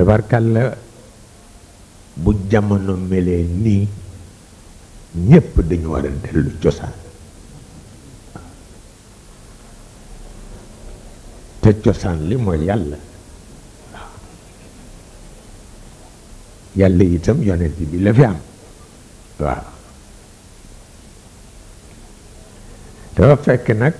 tabarkalla bu jamono melee nii ñépp dañu war a dellu cosaan te cosaan li mooy yàlla yàlla itam yonent bi la fi am waaw dafa fekk nag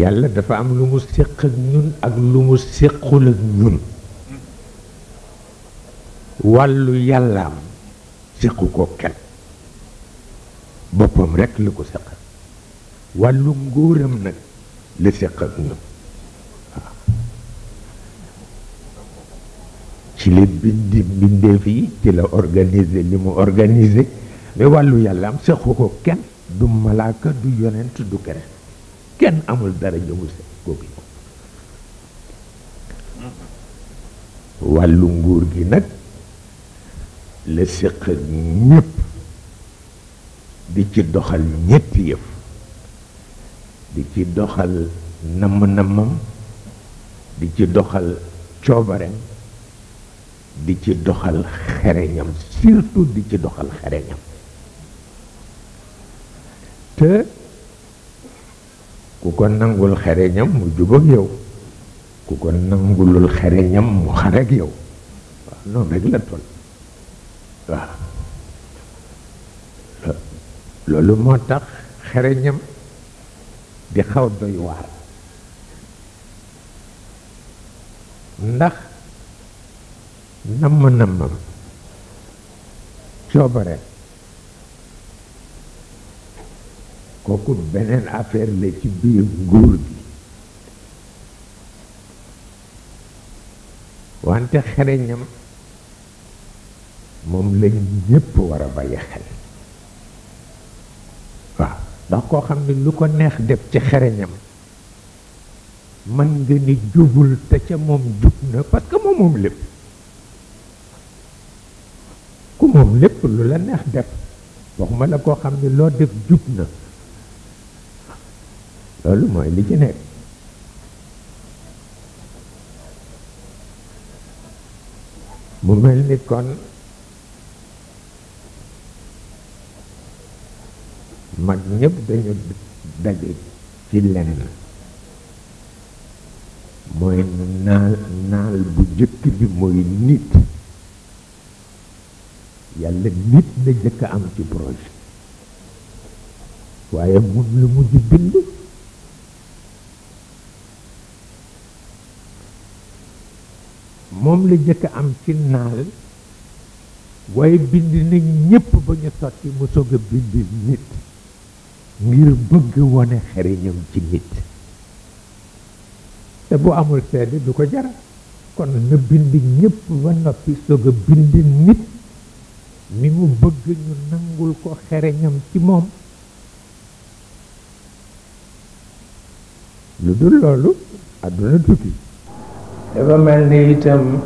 yàlla dafa am lu mu séq ak ñun ak lu mu séqul ak ñun wàllu yàllaam séqu ko kenn boppam rek la ko séqal wàllu ngóoram nag la séq ak ñun ci la bindi bindeef yi ci la organisé li mu organisé mais wàllu yàllaam séqu ko kenn du malaaka du yonent du keneen ken amul dara ñëwul sa googu walu nguur gi nak le sekk ñépp di ci doxal ñetti yef di ci doxal nam di ci doxal ciobare di ci doxal xereñam surtout di ci doxal xereñam te ku ko nangul ñam mu ak yow ku ko nangulul ñam mu ak yow waaw rek la tol wa ah. lolu moo tax ñam di xaw doy war ndax nam kooku beneen affaire la ci biir nguur gi wante xereñam moom lañ ñépp war a bàyyi xel waaw ndax koo xam ne lu ko neex def ci xereñam mën nga ni jubul te ca moom jub na parce que moom moom lépp ku moom lépp lu la neex def waxuma la koo xam ne loo def jub na loolu mooy li ci nekk mu mel ni kon mag ñëpp dañu daje ci lenn mooy naal naal bu jëkk bi mooy nit yàlla nit la jëkk am ci projet waaye mun lu mujj bind moom la jëkk am ci naal waaye bind na ñépp ba ñu sotti mu sog a bind nit ngir bëgg wone xereñam ci nit te bu amul seede du ko jara kon na bind ñépp ba noppi bind nit mi mu bëgg ñu nangul ko xereñam ci moom lu dul loolu aduna tukki dafa mel ni itam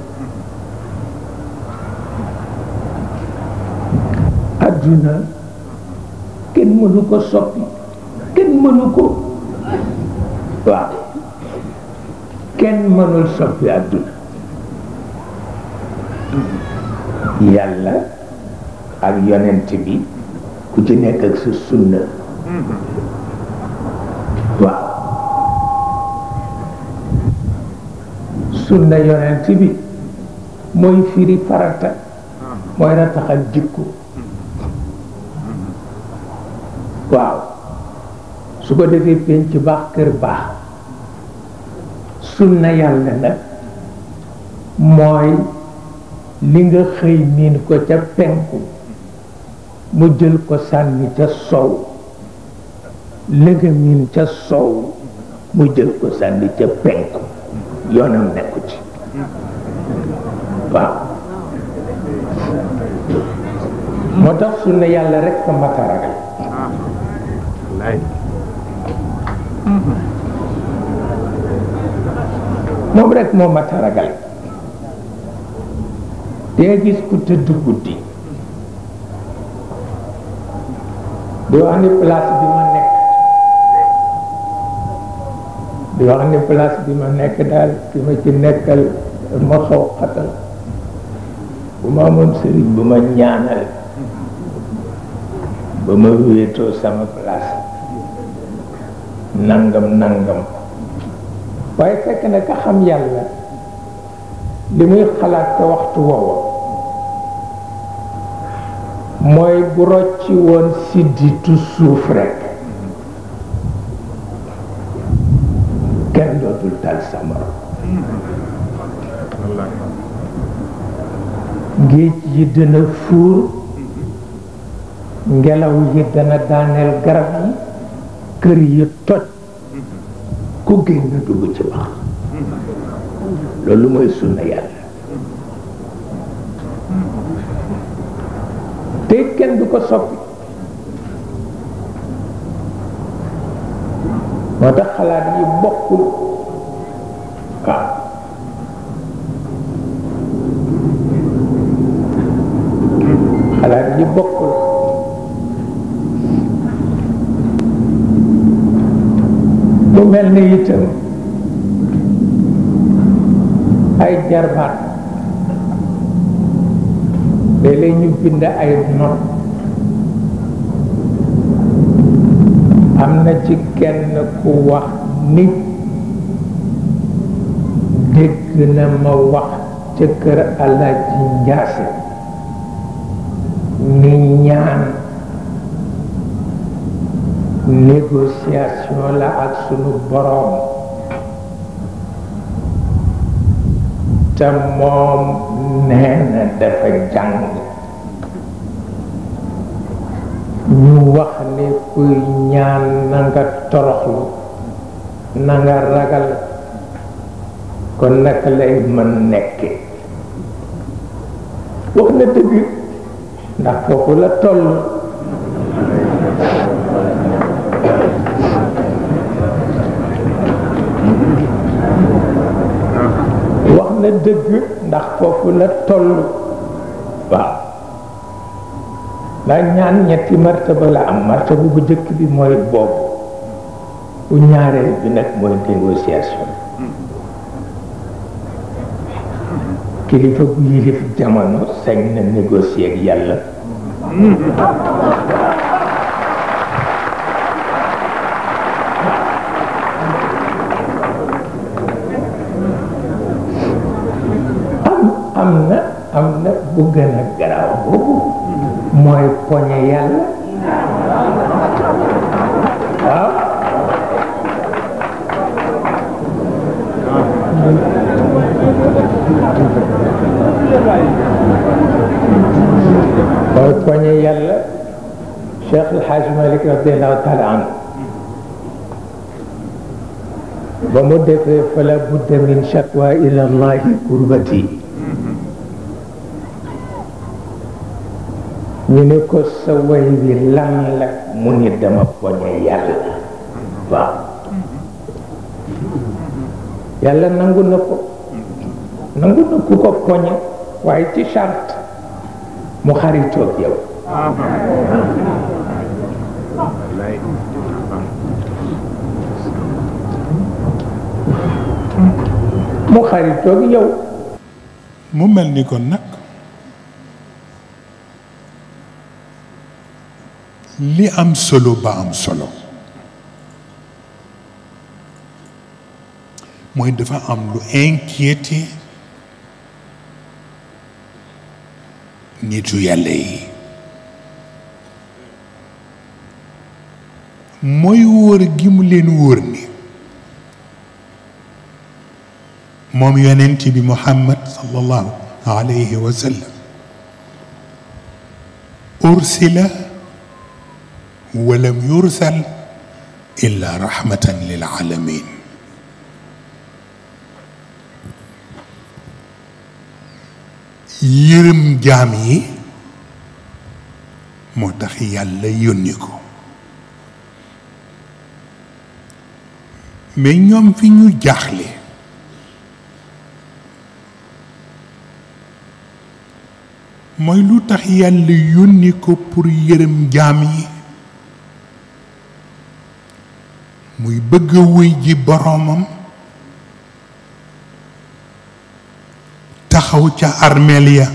adduna kenn mënu ko soppi kenn mënu ko waaw kenn mënul soppi adduna yàlla ak yonent bi ku ci nekk ak sunna mm-hmm. sunna yonent bi mooy firi farata mooy rataxal jikko waaw su ko defee penc baax kër baax sunna yàlla nag mooy li nga xëy miin ko ca penku mu jël ko sànni ca soow li nga miin ca sow mu jël ko sànni ca penku yoonam nekku ci waaw moo tax su ne yàlla rek ko mat a ragal moom rek moo mat a ragal gis ku tëdd guddi di wax ni bi man di wax ni di mana ma nekk daal ki ma ci umamun ma xaw buma bu sama pelas nanggam nanggam, baik fekk na ka xam yàlla li muy xalaat ca waxtu woowa mooy bu bul taal géej yi dana fuur ngelaw yi dana daaneel garab yi kër yi toj ku génn dugg ci wax loolu mooy sunna yàlla te kenn du ko soppi moo tax xalaat yi bokkul yi bokkul mu mel ni itam ay jarbaat léeg ñu bind ay not am na ci kenn ku wax nit dégg na ma wax ca kër Alaaji Njaase negosiasi negosiasi la ak sunu borom te moom nee na dafa jàng ñu wax ne kuy ñaan na ragal kon naka lay mën nekke ndax foofu la toll wax ndax foofu la toll waaw ndax ñaan ñetti martaba la am martaba bu jëkk bi mooy boobu ku ñaareel bi nag mooy négociation kilifa bu yilif jamono sañ na négocier yàlla am am na am na bu gën garaaw boobu mooy poñe yàlla Cheikh El Hadj Malick radiallahu taala anhu ba mu defee fala budda min shakwa ila allahi kurbati ñu ne ko sa way bi la mu ni dama poñe yàlla waaw yàlla nangu na ko nangu na ku ko poñe waaye ci charte mu xaritoog mu xaritoog yow mu mel ni ko nag li am solo ba am solo mooy dafa am lu inquiété nitu yàlla yi mooy wóor gi mu leen wóor ni موم يننتي بمحمد صلى الله عليه وسلم أرسل ولم يرسل إلا رحمة للعالمين يرم جامي متخي الله ينكو من يوم فينو جاخلي mooy lu tax yàlla yónni ko pour yërëm jaam yi muy bëgg a wuy ji boroomam taxaw ca armeel ya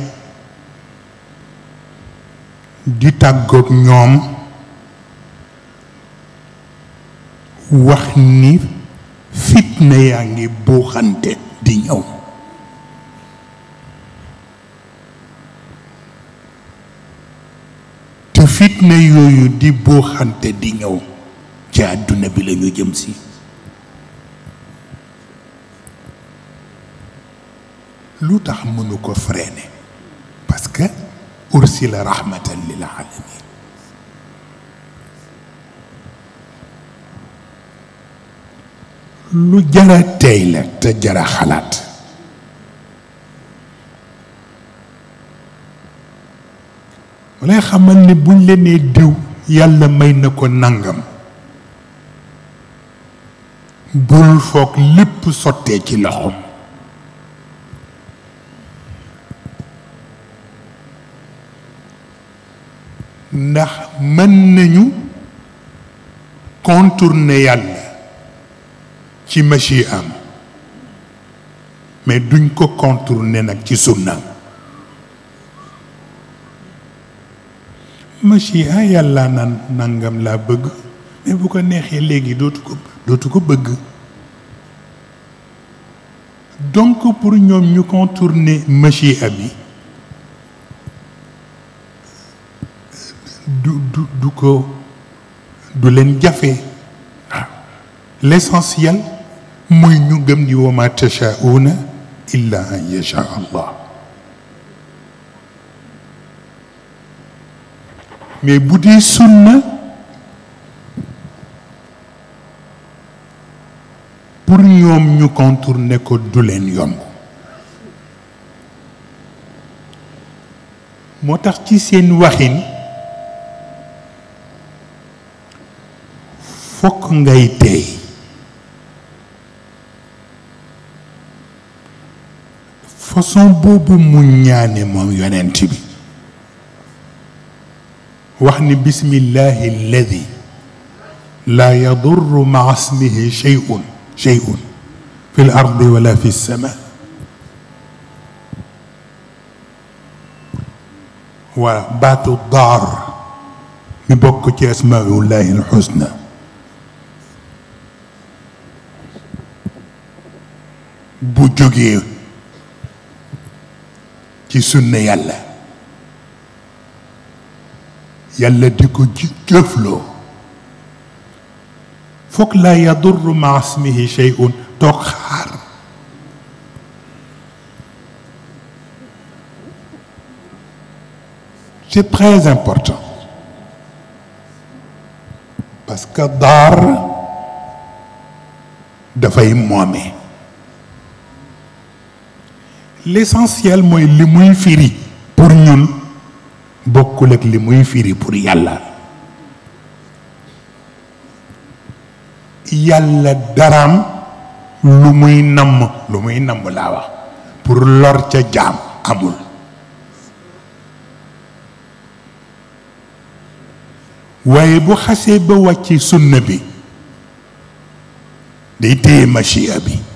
di tàggoog ñoom wax ni fitna yaa ngi buuxante di ñëw fitna yoyu di bo xante di ñëw ci aduna bi lañu jëm ci lutax mënu ko freiner parce que ursila rahmatan lil alamin lu jara tay la te jara xalat mu lay xamal ne buñ la nee diw yàlla may na ko nangam bul foog lépp sottee ci loxoom ndax mën nañu contourner yàlla ci machi am mais duñ ko contourner nag ci sunnaam machia yalla nan nangam la bëgg mais bu ko nexé légui dotu ko dotu ko bëgg donc pour ñom ñu contourner machia bi du du du ko du len jafé ah. l'essentiel moy ñu gëm ni wama ma tashauna illa an yasha allah mais bu sunna pour ñoom ñu contourner ko du leen yomb moo tax ci seen waxin fokk ngay tey façon bobu mu ñaané mom yonent وحن بسم الله الذي لا يضر مع اسمه شيء شيء في الارض ولا في السماء وبات الضار نبكت اسماء الله الحسنى بوجوجي كي سنة يالله yalla di ko jëfloo foog la yadur ma ismihi shay'un toog xaar c'est très important parce que dar da fay momé l'essentiel moy limuy firi pour ñun bokul ak li muy firi pour yàlla yàlla daram lu muy namm lu muy wax pour lor ca jam amul waye bu xasse ba wàcc sunna bi day tey machia bi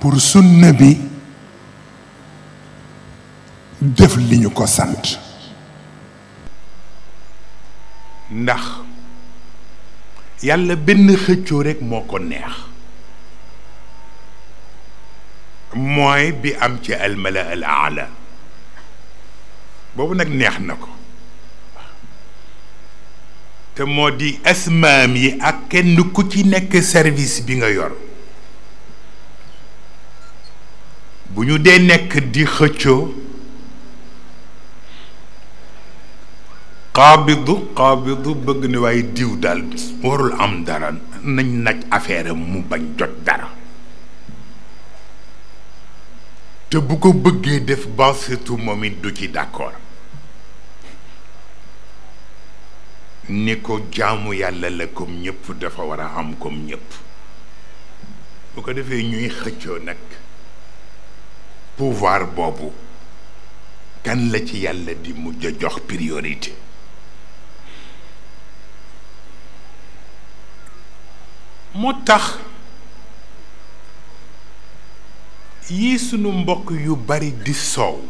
pour sunna bi def liñu ko sant ndax yàlla benn xëccu rek moko neex moy bi am ci al mala al a'la bobu nak neex nako te modi asmam yi ak kenn ku ci nek service bi nga yor bu ñu dee nekk di xëccoo xaabidu xaabidu bëgg ni waaye diw daal warul am dara nañ naj affaire mu bañ jot dara te bu ko bëggee def basitu moom it du ci d'accord ni ko jaamu yàlla la comme ñëpp dafa war a am comme ñëpp bu ko defee ñuy xëccoo nag pouvoir boobu kan la ci yàlla bi mujj a jox priorité moo tax yi sunu mbokk yu bari di soow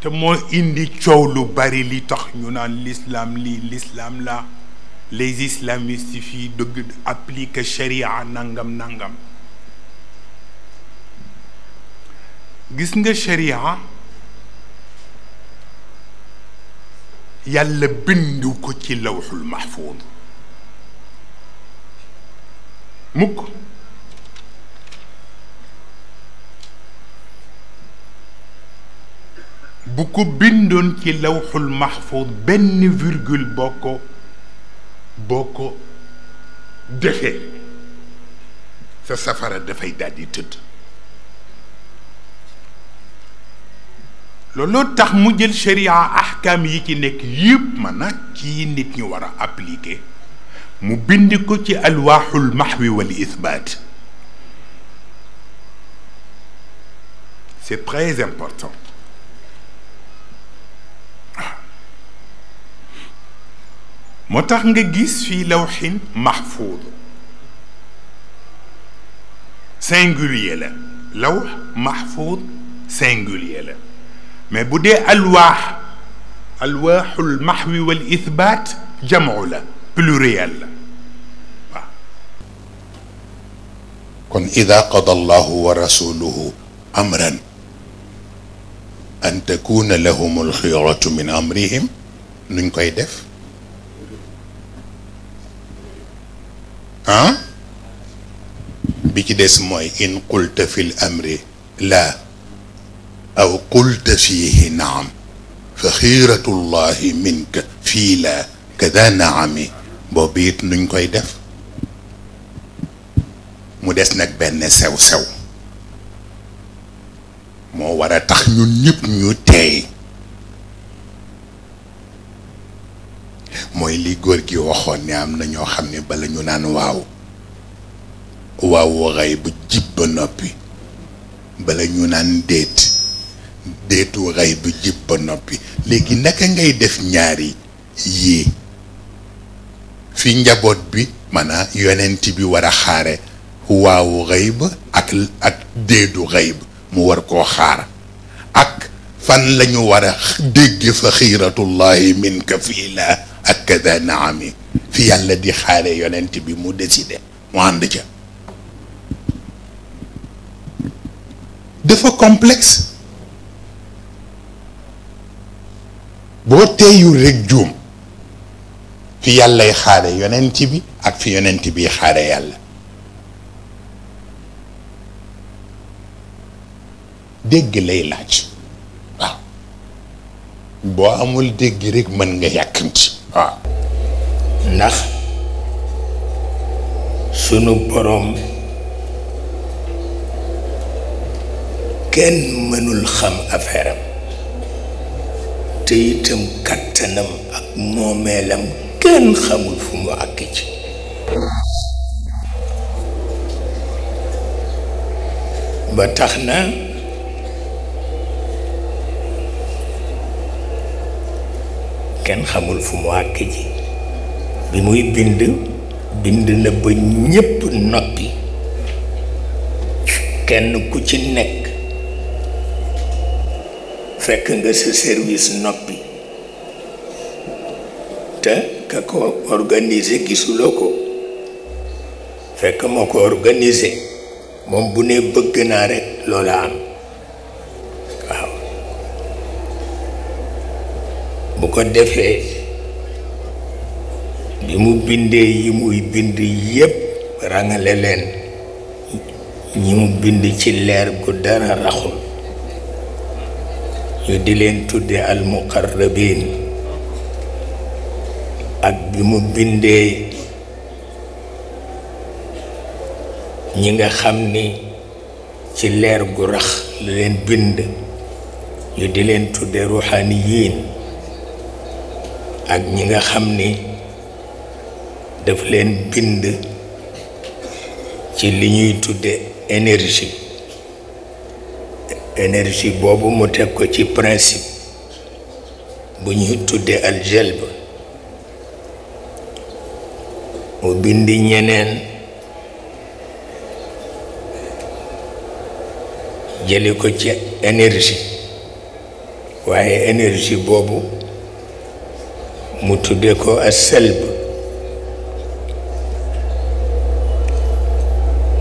te moo indi coow lu bari li tax ñu naan l'islam lii l'islam la les islamistes fii dëgg applique sharia nangam nangam جسند الشريعة يلا بندو كتي اللوح المحفوظ مك بكو بندون كي اللوح المحفوظ بن فيرجل بوكو بوكو دفي سفر دفي دادي تدو loolu tax mu jël sharia ahkam yi ci nekk yépp man ci nit ñi war appliquer mu bind ko ci alwaaxul maxwi wal isbaat c'est très important moo tax nga gis fii lawxin mahfuud singulier la law mahfuud singulier la mais bu dee alwaax alwaaxul maxwi wal ithbaat jamu la pluriel la waaw kon ida qada allahu wa rasuluhu amran an takuna lahum alxiyaratu min amrihim nuñ koy def ah bi ci des mooy in qulta fi l amri laa أو قلت فيه نعم فخيرة الله منك في لا كذا نعم بوبيت نون كوي داف مودس نك بن سو سو مو ورا تخ نون نيب نيو تاي موي لي غور كي واخون ني امنا ньо خامني بالا ньо نان واو واو غايب جيب نوبي بالا ньо نان ديت déetu gay bu jib nopi legi naka ngay def ñaari yi fi njabot bi mana yonent bi wara xare xaare waawu xay ak ak deedu gayb mu war ko xara ak fan lañu wara dégg fa xiiratullahi min kafila ak kada naami fi yàlla di xare yonent bi mu décidé mu ànd ca dafa complexe بوتي يرجوم في يالله يخاري يوننتي بي اك في يوننتي بي يخاري يالله دغ لي لاج وا بو امول دغ ريك من nga yakanti wa ndax sunu borom ken manul xam affaire te itam kàttanam ak moomeelam kenn xamul fu mu àgg ba tax na kenn xamul fu mu àgg ji bi muy bind bind na ba ñépp noppi kenn ku ci nekk fekk nga sa service noppi te ka ko organiser gisuloo ko fekk moo ko organiser moom bu ne bëgg naa rek loola am waaw bu ko defee bi mu bindee yi muy bind yépp rangale leen ñi mu bind ci leer gu dara raxul ñu di leen tudde almuqarrabin ak bi mu bindee ñi nga xam ni ci leer gu rax la leen bind ñu di leen tudde ruhaniyin ak ñi nga xam ni daf leen bind ci li ñuy tudde énergie énergie boobu mu teg ko ci principe bu ñuy tuddee aljelb mu bindi ñeneen jëli ko ci énergie waaye énergie boobu mu tuddee ko aselb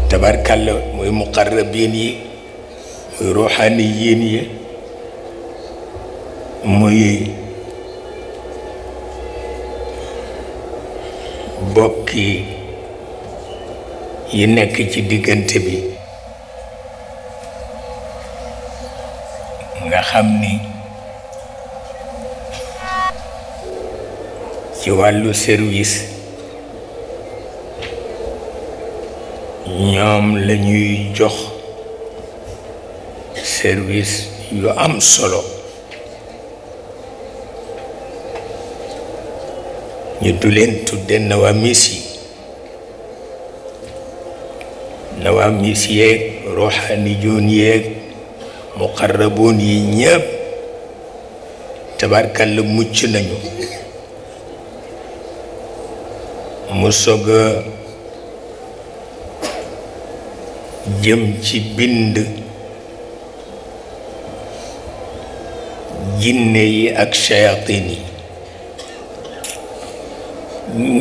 tabarkàlla muy muqarrabin yi ruuxaani yéen yi muy bokki yi nekk ci diggante bi nga xam ni ci wàllu service ñoom lañuy jox service yu am solo ñu du leen tudde nawaamis yi nawaamis yeeg ruuxaanijoon yeeg muqarraboon yi ñëpp tabarkalla mucc nañu mu sog jëm ci bind jinne yi ak shayatin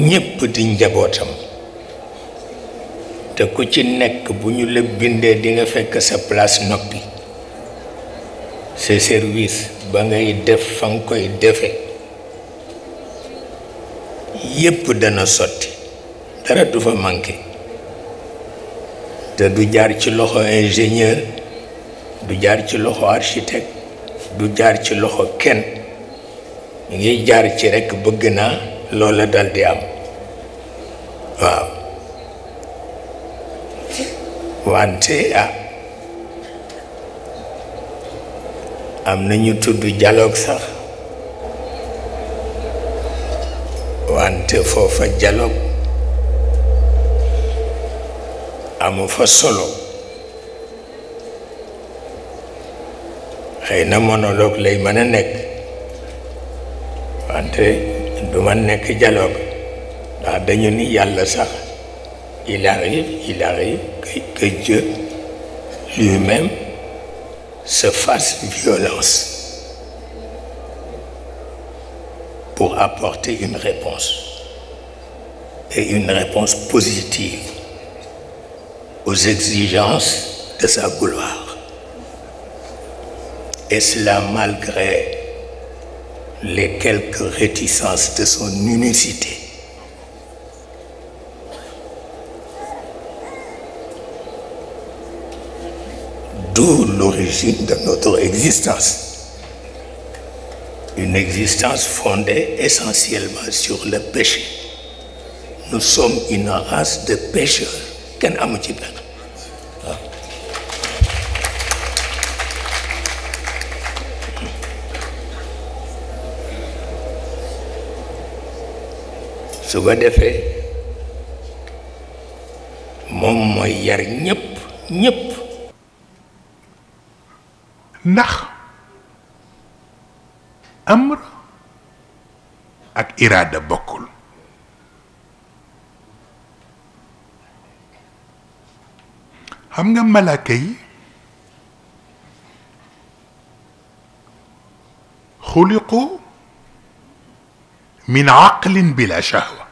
ñépp di njabootam te ku ci nekk bu ñu la bindee dinga fekk sa place noppi sa service ba ngay def fa nga koy defe yépp dana sotti dara du fa manqué te du jaar ci loxo ingénieur du jaar ci loxo architecte du jaar ci loxo kenn ñu ngi jaar ci rekk bëgg naa loola dal di am waaw wante ah am na ñu tudd dialogue sax wante foofa dialogue amu fa solo monologue dialogue il arrive il arrive que Dieu lui-même se fasse violence pour apporter une réponse et une réponse positive aux exigences de sa gloire et cela malgré les quelques réticences de son unicité. D'où l'origine de notre existence. Une existence fondée essentiellement sur le péché. Nous sommes une race de pécheurs. su ko defee moom mooy yar ñépp ñépp ndax amr ak iraada bokkul xam nga malaaka yi xuliqu من عقل بلا شهوه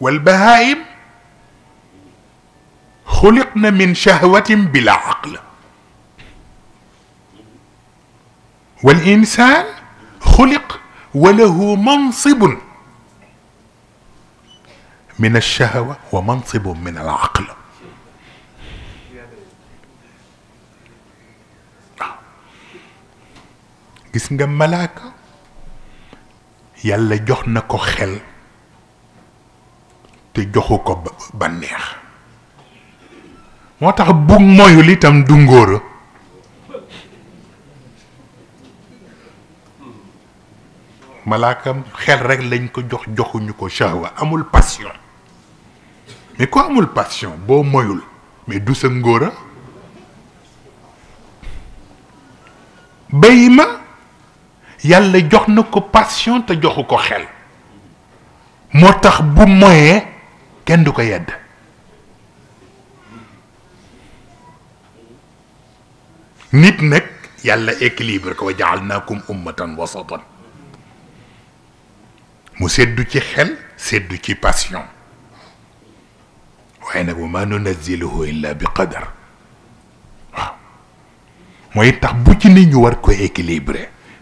والبهائم خلقن من شهوه بلا عقل والانسان خلق وله منصب من الشهوه ومنصب من العقل gis nga malaaka yàlla jox na ko xel te joxu ko banneex moo tax bu moyul itam du ngóora malaakam xel rek lañ ko jox joxuñu ko shahwa amul passion mais ko amul passion boo moyul mais du sa ngóora béy ma yàlla jox na ko passion te joxu ko xel moo tax bu moyee kenn du ko yedd nit nag yàlla équilibre ko wa jaalnaakum ummatan wasatan mu seddu ci xel seddu ci passion waaye nag wa ma nunaziluhu illa bi qadar waaw mooy tax bu ci nit ñu war ko équilibrer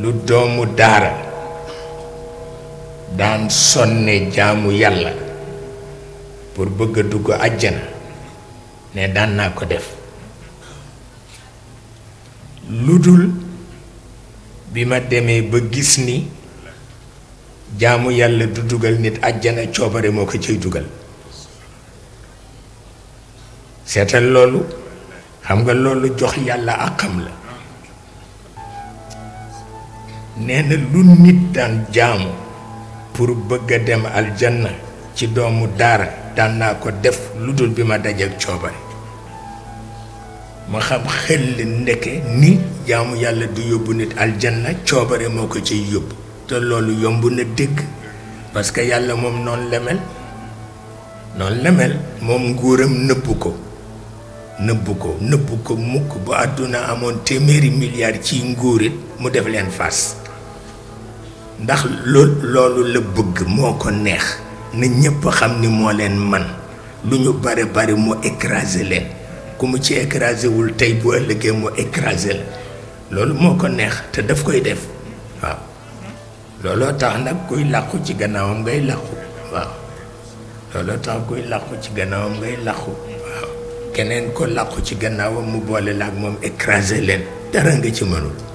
lu doomu daara daan sonne jaamu yàlla pour bëgga dugg àjjana ne daan naa ko def lu dul bi ma demee ba gis ni jaamu yàlla du dugal nit àjjana coobare moo ko ciy dugal seetal loolu xam nga loolu jox yàlla àqam la nee na lu nit daan jaamu pour bëgg a dem aljanna ci doomu daara daan naa ko def lu dul bi ma dajal coobare ma xam xel ndeke ni jaamu yàlla du yóbbu nit aljanna coobare moo ko ci yóbbu te loolu yomb na dégg parce que yàlla moom noonu la mel noonu moom nguuram nëbbu ko nëbbu ko nëbbu ko mukk bu àdduna amoon téeméeri milliards ci nguurit mu def leen fas ndax lool loolu la bëgg moo ko neex na ñëpp xam ni moo leen man lu ñu bare bari mu écrasé leen ku mu ci écrasé wul tey bu ëllëgee mu écrasé la loolu moo ko neex te daf koy def waaw looloo tax nag kuy làqu ci gannaawam ngay làqu waaw looloo tax kuy làqu ci gannaawam ngay làqu waaw keneen ko làqu ci gannaawam mu boole la ak moom écrasé leen dara nga ci mënul